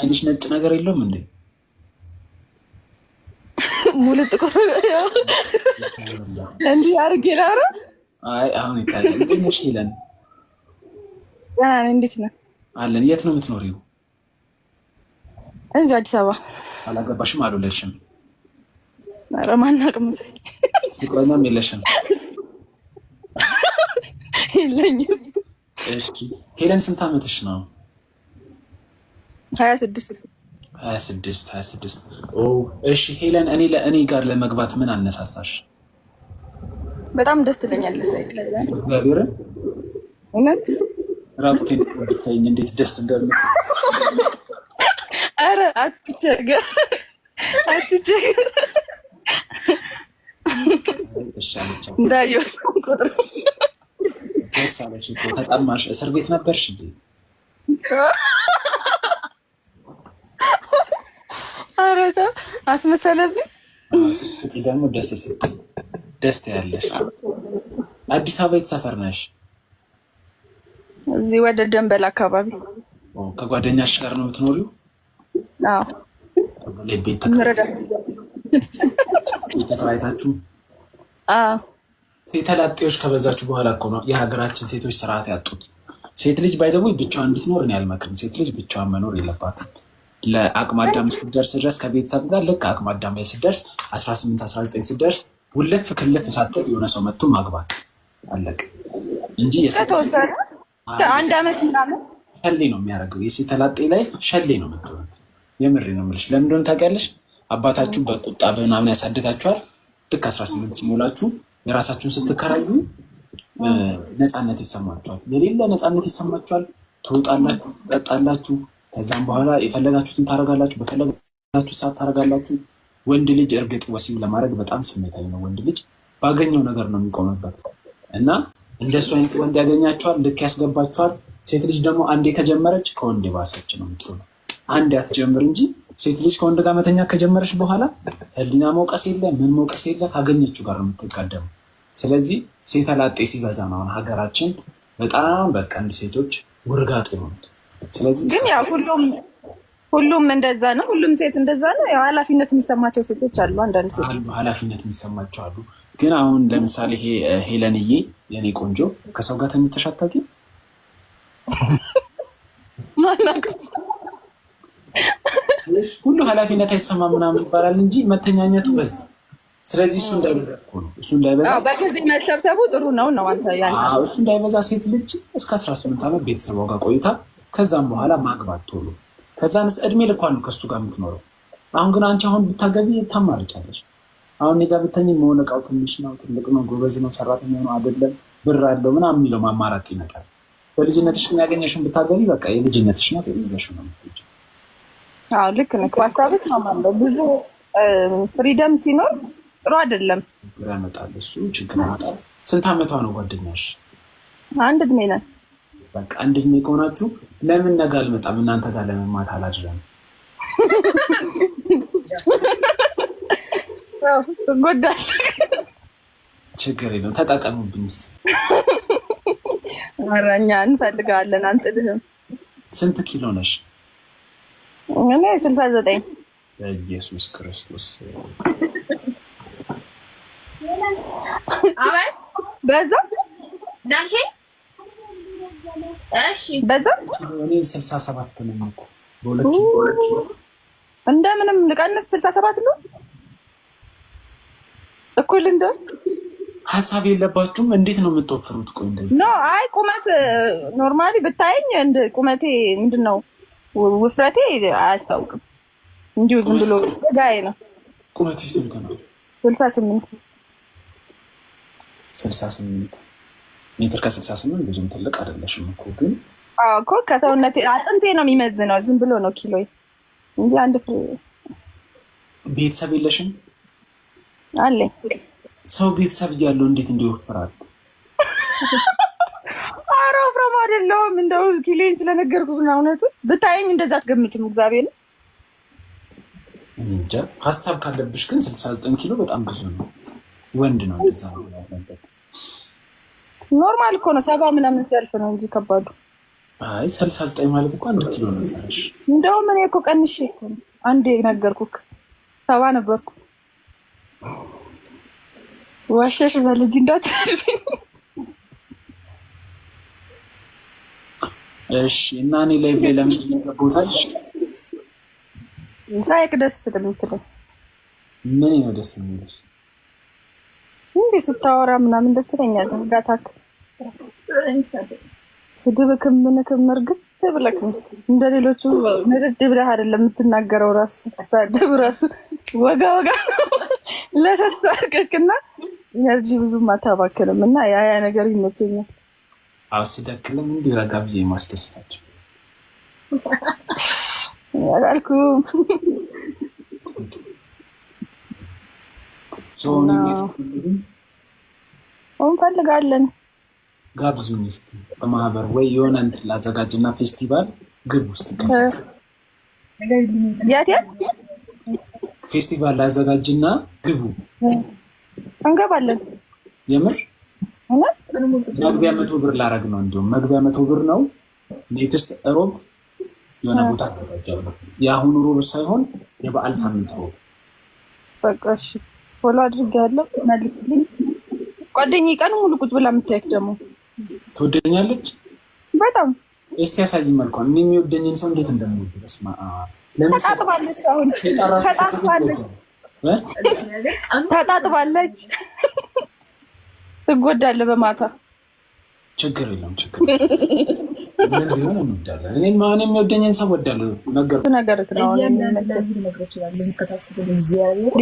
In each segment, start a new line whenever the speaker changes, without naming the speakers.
አይንሽ ነጭ ነገር የለውም እንዴ?
ሙሉ ጥቁር እንዲህ አድርጌ ላረ
አይ አሁን ይታያል። እንዴት ነሽ ሄለን?
ደህና ነኝ። እንዴት ነው
አለን? የት ነው የምትኖሪው? እዚሁ አዲስ አበባ። አላገባሽም? አልወለድሽም?
ኧረ ማናቅም።
ፍቅረኛም የለሽም?
የለኝም።
ሄለን ስንት አመትሽ ነው? ሀያ ስድስት ሀያ ስድስት እሺ ሄለን እኔ ለእኔ ጋር ለመግባት ምን አነሳሳሽ
በጣም ደስ ትለኛለህ እግዚአብሔርን እውነት
ራቁቴን ብታይኝ እንዴት ደስ
አትቸገር አትቸገር እንዳየ
ደስ አለሽ እስር ቤት ነበርሽ እንዴ
እውነት አስመሰለብኝ።
ስልፍቲ ደግሞ ደስ ስል ደስ ያለሽ አዲስ አበባ የተሰፈር ነሽ?
እዚህ ወደ ደንበል አካባቢ
ከጓደኛሽ ጋር ነው የምትኖሪው? ቤት ተከራይታችሁ? ሴተላጤዎች ከበዛችሁ በኋላ እኮ ነው የሀገራችን ሴቶች ስርዓት ያጡት። ሴት ልጅ ባይዘቡ ብቻዋን እንድትኖር እኔ አልመክርም። ሴት ልጅ ብቻዋን መኖር የለባትም። ለአቅመ አዳም ስደርስ ድረስ ከቤተሰብ ጋር ልክ አቅመ አዳም ላይ ስደርስ 18 19 ስደርስ ሁለፍ ክልፍ ሳትል የሆነ ሰው መጥቶ ማግባት አለቅ እንጂ
አንድ ዓመት ምናምን
ሸሌ ነው የሚያደርገው። የሴተላጤ ላይፍ ሸሌ ነው የምትሆኑት። የምሬ ነው የምልሽ። ለምን እንደሆነ ታውቂያለሽ? አባታችሁ በቁጣ በምናምን ያሳድጋችኋል። ልክ 18 ሲሞላችሁ የራሳችሁን ስትከራዩ ነፃነት ይሰማችኋል። የሌለ ነፃነት ይሰማችኋል። ትወጣላችሁ፣ ትጠጣላችሁ ከዛም በኋላ የፈለጋችሁትን ታደርጋላችሁ፣ በፈለጋችሁ ሰዓት ታደርጋላችሁ። ወንድ ልጅ እርግጥ ወሲብ ለማድረግ በጣም ስሜታዊ ነው። ወንድ ልጅ ባገኘው ነገር ነው የሚቆምበት እና እንደሱ አይነት ወንድ ያገኛቸዋል፣ ልክ ያስገባቸዋል። ሴት ልጅ ደግሞ አንዴ ከጀመረች ከወንድ የባሰች ነው የምትሆነው። አንዴ አትጀምር እንጂ ሴት ልጅ ከወንድ ጋር መተኛ ከጀመረች በኋላ ህሊና መውቀስ የለ ምን መውቀስ የለ ካገኘችው ጋር ነው የምትቀደመው። ስለዚህ ሴተላጤ ሲበዛ ነው አሁን ሀገራችን በጣም በቀንድ ሴቶች ውርጋጥ ይሆኑት።
ግን ያው ሁሉም ሁሉም እንደዛ ነው። ሁሉም ሴት እንደዛ ነው። ያው ኃላፊነት የሚሰማቸው ሴቶች አሉ። አንዳንድ
ሴቶች አሉ ኃላፊነት የሚሰማቸው አሉ። ግን አሁን ለምሳሌ ይሄ ሄለንዬ የኔ ቆንጆ ከሰው ጋር ተኝተሽ ሁሉ ኃላፊነት አይሰማም ምናምን ይባላል እንጂ መተኛኘቱ በዛ። ስለዚህ እሱ እንዳይበዛ እሱ እንዳይበዛ
በጊዜ መሰብሰቡ ጥሩ ነው ነው
እሱ እንዳይበዛ ሴት ልጅ እስከ አስራ ስምንት ዓመት ቤተሰቧ ጋር ቆይታ ከዛም በኋላ ማግባት ቶሎ። ከዛንስ እድሜ ልኳ ነው ከሱ ጋር የምትኖረው። አሁን ግን አንቺ አሁን ብታገቢ ታማርጫለች። አሁን እኔ ጋር ብተኝ መሆን እቃው ትንሽ ነው ትልቅ ነው ጎበዝ ነው ሰራተኛ ነው አይደለም ብር አለው ምናምን የሚለው ማማራጥ ይመጣል። በልጅነትሽ የሚያገኘሽን ብታገቢ በቃ የልጅነትሽ ነው ይዘሽ ነው ምትሄጂው።
ልክ ነህ። ሀሳብ እስማማለሁ። ብዙ ፍሪደም ሲኖር ጥሩ አይደለም።
ችግር ያመጣል፣ እሱ ችግር ያመጣል። ስንት አመቷ ነው ጓደኛሽ? አንድ እድሜ ነን በቃ አንደኛ ከሆናችሁ ለምን ነገ አልመጣም? እናንተ ጋር ለመማት ማታ ጎዳል። ችግር ነው። ተጠቀሙብኝ። ስ
እኛ እንፈልጋለን አንጥልህም።
ስንት ኪሎ ነሽ?
እኔ ስልሳ ዘጠኝ
በኢየሱስ ክርስቶስ
በዛ በዛ
ስልሳ ሰባት ነው
እንደምንም ልቀንስ። ስልሳ ሰባት ነው እኩል እንደ
ሀሳብ የለባችሁም። እንዴት ነው የምትወፍሩት? ቆይ እንደዚህ
ኖ አይ ቁመት ኖርማሊ ብታየኝ እንደ ቁመቴ ምንድን ነው ውፍረቴ አያስታውቅም። እንዲሁ ዝም ብሎ ጋይ ነው።
ቁመቴ ስንት ነው? ስልሳ ስምንት ስልሳ ስምንት ሜትር ከስልሳ ስምንት ብዙም ትልቅ አይደለሽም እኮ ግን
እኮ ከሰውነት አጥንቴ ነው የሚመዝነው። ዝም ብሎ ነው ኪሎ እንጂ አንድ ፍሬ።
ቤተሰብ የለሽም? አለኝ። ሰው ቤተሰብ እያለው እንዴት እንዲወፍራል?
ኧረ ወፍራም አይደለሁም። እንደው ኪሎን ስለነገርኩ ብና እውነቱ ብታይም እንደዛ አትገምትም። እግዚአብሔር
እንጃ። ሀሳብ ካለብሽ ግን ስልሳ ዘጠኝ ኪሎ በጣም ብዙ ነው። ወንድ ነው እንደዛ ነበር
ኖርማል እኮ ነው። ሰባ ምናምን ሲያልፍ ነው እንጂ ከባዱ።
አይ ሰላሳ ዘጠኝ ማለት እኮ አንድ ኪሎ ነው።
እንደውም እኔ እኮ ቀንሽ እኮ ነው አንዴ ነገርኩክ፣ ሰባ ነበርኩ። ዋሸሽ በልጅ እንዳት
እሺ። እና እኔ ላይ ላይ ለምንድን ነው የገባሁት?
ሳይክ ደስ ስለምትለኝ
ምን ነው ደስ የሚልሽ?
እንዴ ስታወራ ምናምን ደስ ትለኛለህ። ጋታክ ስድብክም ምንክም እርግጥ ብለክ እንደ ሌሎቹ ንድድ ብለህ አይደለም የምትናገረው። ራሱ ስትሳደብ ራሱ ወጋ ወጋ ለሰሳርቀክና ኢነርጂ ብዙም አታባክልም እና ያ ነገር ይመቸኛል።
አዎ ስደክልም እንዲ ረጋ ብዬ ማስደስታቸው
አላልኩም። ሰውን እንፈልጋለን።
ጋብዙኝ እስኪ በማህበር ወይ የሆነ እንትን ላዘጋጅና ፌስቲቫል ግብ ውስጥ የት ፌስቲቫል ላዘጋጅና ግቡ እንገባለን። የምር መግቢያ መቶ ብር ላረግ ነው። እንዲሁም መግቢያ መቶ ብር ነው። ሌትስት ሮብ የሆነ ቦታ ተዘጋጃለሁ። የአሁኑ ሮብ ሳይሆን የበዓል ሳምንት ሮብ
በቃ ፎሎ አድርጌያለሁ። መልስልኝ። ጓደኛዬ ቀን ሙሉ ቁጭ ብላ የምታየት ደግሞ
ትወደኛለች በጣም። እስቲ ያሳይ መልኳን። እኔ የሚወደኝን ሰው እንዴት እንደምወድ በስመ አብ።
ተጣጥባለች፣ አሁን በማታ
ችግር የለም። ችግር ቢሆን እንወዳለን። እኔ ማን የሚወደኝን ሰው ወዳለ ነገር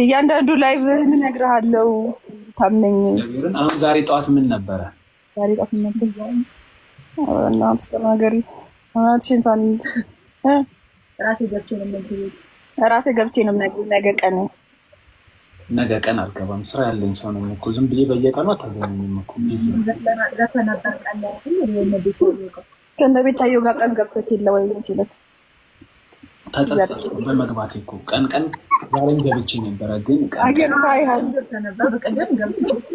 እያንዳንዱ ላይ እነግርሃለሁ። ታመኝ
አሁን ዛሬ ጠዋት ምን ነበረ?
ዛሬ ጠዋት ምን ነበረ? ተናገሪ። ራሴ ገብቼ ነው ነገ ቀን
ነገ ቀን አልገባም። ስራ ያለኝ ሰው ነው እኮ ዝም ብዬ በየቀኑ አታገኝም እኮ ጋር
ቀን ገብቶት የለ ወይ ችለት
እኮ ቀን ቀን ዛሬም ገብቼ ነበረ ግን
ቀን